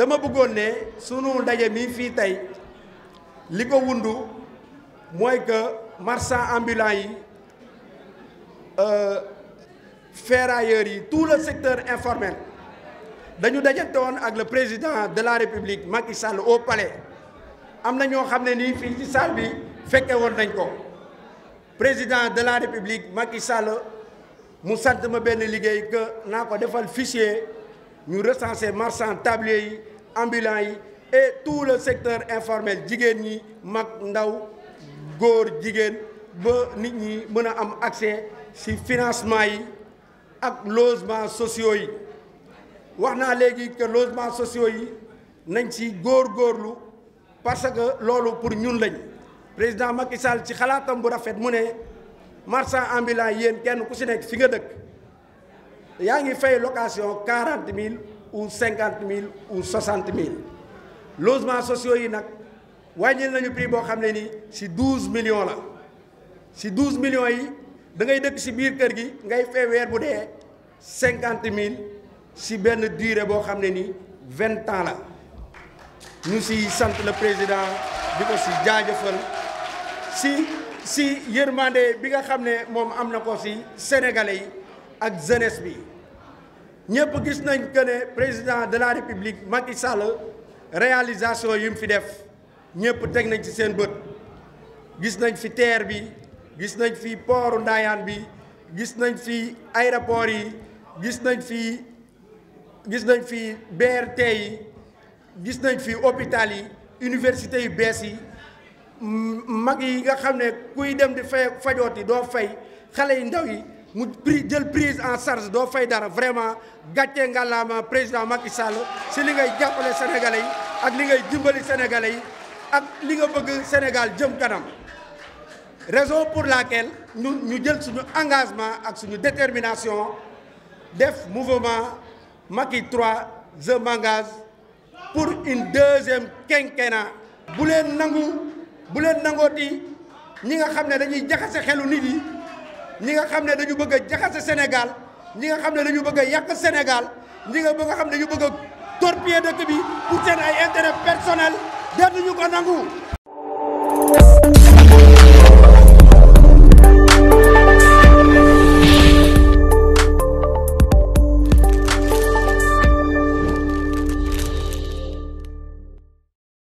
dama bëggoon ne sunu ndaje mi fii tey li ko wundu que marchands ambulants yi euh, ferrailleurs yi tout le secteur informel dañu dajante woon ak le président de la république Macky Sall au palais am na ñoo xam ne nii ci salle bi fekke woon nañ ko président de la république Macky Sall mu sant ma benn liggéey que naa ko defal fichier ñu recenser marchands tablier yi ambulants yi et tout le secteur informel jigéen ñi mag ndaw góor jigéen ba nit ñi mën a am accès ci financement yi ak logement sociaux yi wax naa léegi que logement sociaux yi nañ ci góorlu parce que loolu pour ñun lañ président Macky Sall ci xalaatam bu rafet mu ne marchand ambulant yéen kenn ku si nekk si nga dëkk yaa ngi fay location quarante mille ou 50 000 ou 60 000. L'osement social, c'est 12 millions. Si 12 millions, vous avez fait 50 000, 50 000, si bien durée, vous avez 20 ans. Nous sommes le président, du aussi Djadjefel. Si, si, hier, vous avez fait le Sénégalais avec Zenesbi. ñëpp gis nañ que ne président de la république Macky Sall réalisation yi mu fi def ñëpp teg nañ ci seen bët gis nañ fi terre bi gis nañ fi pooru Ndayane bi gis nañ fi aéroport yi gis nañ fi gis nañ fi BRT yi gis nañ fi hôpital yi université yu bees yi mag yi nga xam ne kuy dem di fay yi doo fay xale yi ndaw yi Nous avons pris prise en charge de fay vraiment Gatien président Macky Sall si li sénégalais sénégalais ak li Sénégal raison pour laquelle Nous nous engagement Et notre détermination def mouvement Macky 3 je pour une deuxième quinquennat ñi nga xam ne dañu bëgg a jaxase Sénégal ñi nga xam ne dañu bëgg a Sénégal ñi nga bëgg a xam ne dañu bëgg a torpiller dëkk bi pour seen ay intérêt personnel dootuñu ko nangu.